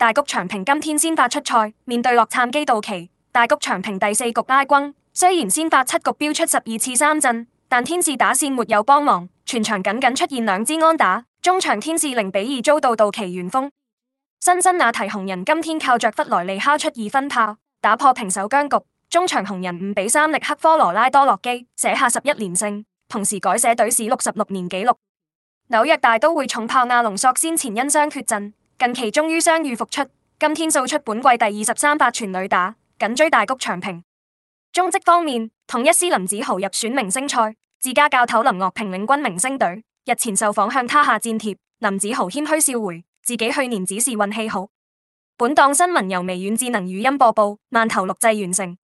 大谷翔平今天先發出賽，面對洛杉磯道奇。大谷翔平第四局拉轟。雖然先發七局飆出十二次三振，但天使打線沒有幫忙，全場僅僅出現兩支安打。終場天使零比二遭到道奇完封。辛辛那提紅人今天靠着弗萊利敲出二分炮打破平手僵局，終場紅人五比三力克科羅拉多洛基，寫下十一連勝，同時改寫隊史六十六年紀錄。紐約大都會重炮亞龍索先前因傷缺陣。近期終於傷愈復出，今天掃出本季第二十三發全壘打，緊追大谷翔平。中職方面，統一獅林子豪入選明星賽，自家教頭林岳平領軍明星隊。日前受訪向他下戰帖，林子豪謙虛笑回，自己去年只是運氣好。本檔新聞由微軟智能語音播報，饅頭錄製完成。